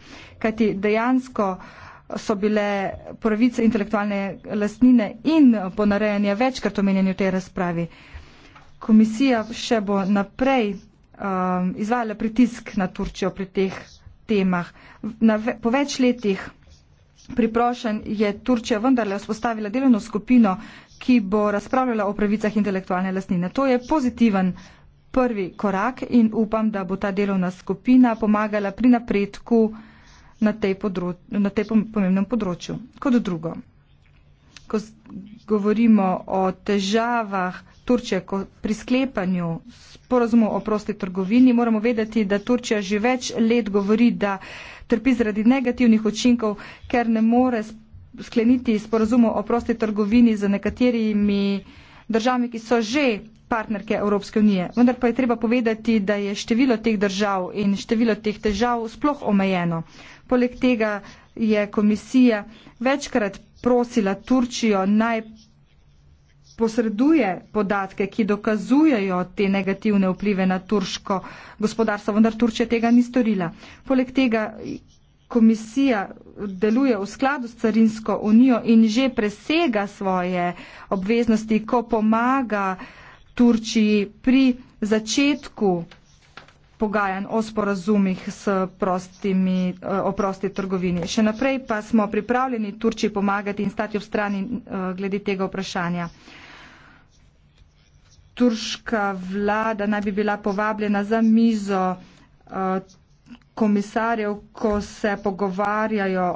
Speaker 3: Kajti dejansko so bile pravice intelektualne lasnine in ponarejanje večkrat omenjeni v tej razpravi. Komisija še bo naprej um, izvajala pritisk na Turčijo pri teh temah. Na, po več letih priprošen je Turčija vendarle vzpostavila delovno skupino, ki bo razpravljala o pravicah intelektualne lastnine. To je pozitiven prvi korak in upam, da bo ta delovna skupina pomagala pri napredku na tej, področ na tej pomembnem področju. Kot drugo, ko govorimo o težavah Turčije pri sklepanju sporozumu o prosti trgovini. Moramo vedeti, da Turčija že več let govori, da trpi zaradi negativnih učinkov, ker ne more skleniti sporozumu o prosti trgovini z nekaterimi državami, ki so že partnerke Evropske unije. Vendar pa je treba povedati, da je število teh držav in število teh težav sploh omejeno. Poleg tega je komisija večkrat prosila Turčijo naj posreduje podatke, ki dokazujejo te negativne vplive na turško gospodarstvo, vendar Turčija tega ni storila. Poleg tega komisija deluje v skladu s Carinsko unijo in že presega svoje obveznosti, ko pomaga Turčiji pri začetku pogajan o sporazumih s prostimi, o prosti trgovini. Še naprej pa smo pripravljeni Turčiji pomagati in stati ob strani eh, glede tega vprašanja turška vlada naj bi bila povabljena za mizo eh, komisarjev, ko se pogovarjajo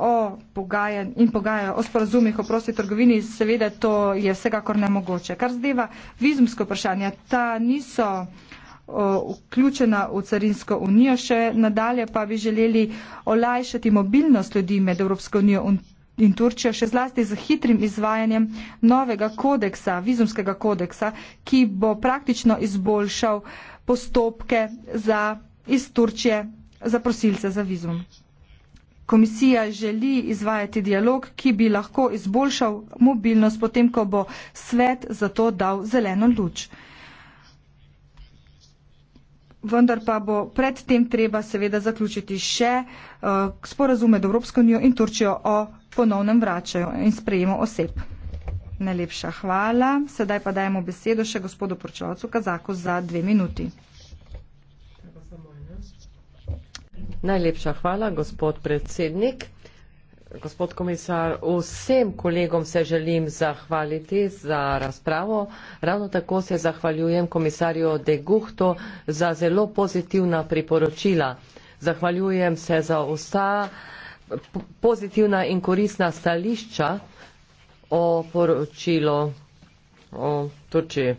Speaker 3: o pogajan, in pogajajo o sporazumih o prosti trgovini, seveda to je vsekakor nemogoče. Kar zdeva vizumsko vprašanje, ta niso o, vključena v carinsko unijo, še nadalje pa bi želeli olajšati mobilnost ljudi med Evropsko unijo in in Turčijo, še zlasti z hitrim izvajanjem novega kodeksa, vizumskega kodeksa, ki bo praktično izboljšal postopke za, iz Turčije za prosilce za vizum. Komisija želi izvajati dialog, ki bi lahko izboljšal mobilnost potem, ko bo svet za to dal zeleno luč. Vendar pa bo predtem treba seveda zaključiti še uh, sporazume med Evropsko unijo in Turčijo o ponovnem vračajo in sprejemo oseb. Najlepša hvala. Sedaj pa dajemo besedo še gospodu poročevalcu
Speaker 2: Kazaku za dve minuti. Najlepša hvala, gospod predsednik. Gospod komisar, vsem kolegom se želim zahvaliti za razpravo. Ravno tako se zahvaljujem komisarju De Guhto za zelo pozitivna priporočila. Zahvaljujem se za vsa pozitivna in korisna stališča o poročilu o Turčiji.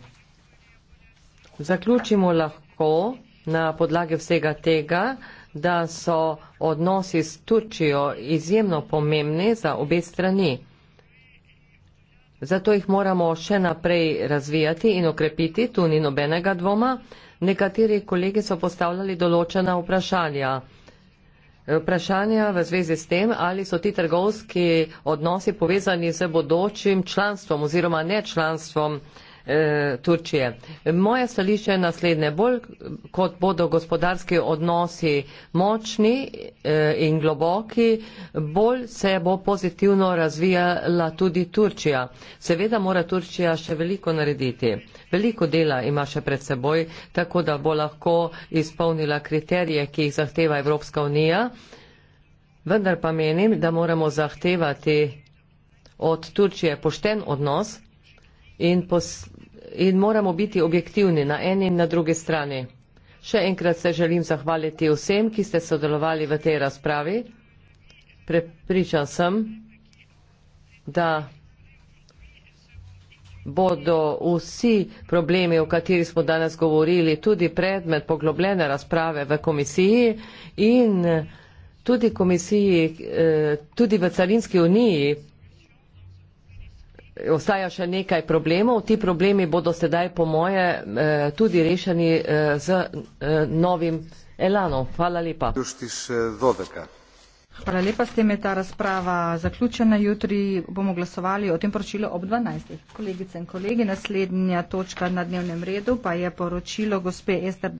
Speaker 2: Zaključimo lahko na podlage vsega tega, da so odnosi s Turčijo izjemno pomembni za obe strani. Zato jih moramo še naprej razvijati in okrepiti, tu ni nobenega dvoma. Nekateri kolegi so postavljali določena vprašanja. Vprašanja v zvezi s tem, ali so ti trgovski odnosi povezani z bodočim članstvom oziroma nečlanstvom Eh, Turčije. Moje stališče je naslednje. Bolj kot bodo gospodarski odnosi močni eh, in globoki, bolj se bo pozitivno razvijala tudi Turčija. Seveda mora Turčija še veliko narediti. Veliko dela ima še pred seboj, tako da bo lahko izpolnila kriterije, ki jih zahteva Evropska unija. Vendar pa menim, da moramo zahtevati od Turčije pošten odnos in pos in moramo biti objektivni na eni in na drugi strani. Še enkrat se želim zahvaliti vsem, ki ste sodelovali v tej razpravi. Prepričan sem, da bodo vsi problemi, o katerih smo danes govorili, tudi predmet poglobljene razprave v komisiji in tudi, komisiji, eh, tudi v carinski uniji, ostaja še nekaj problemov. Ti problemi bodo sedaj, po moje, eh, tudi rešeni eh, z eh, novim elanom. Hvala lepa.
Speaker 3: Hvala lepa, s tem je ta razprava zaključena. Jutri bomo glasovali o tem poročilu ob 12. Kolegice in kolegi, naslednja točka na dnevnem redu pa je poročilo gospe Ester.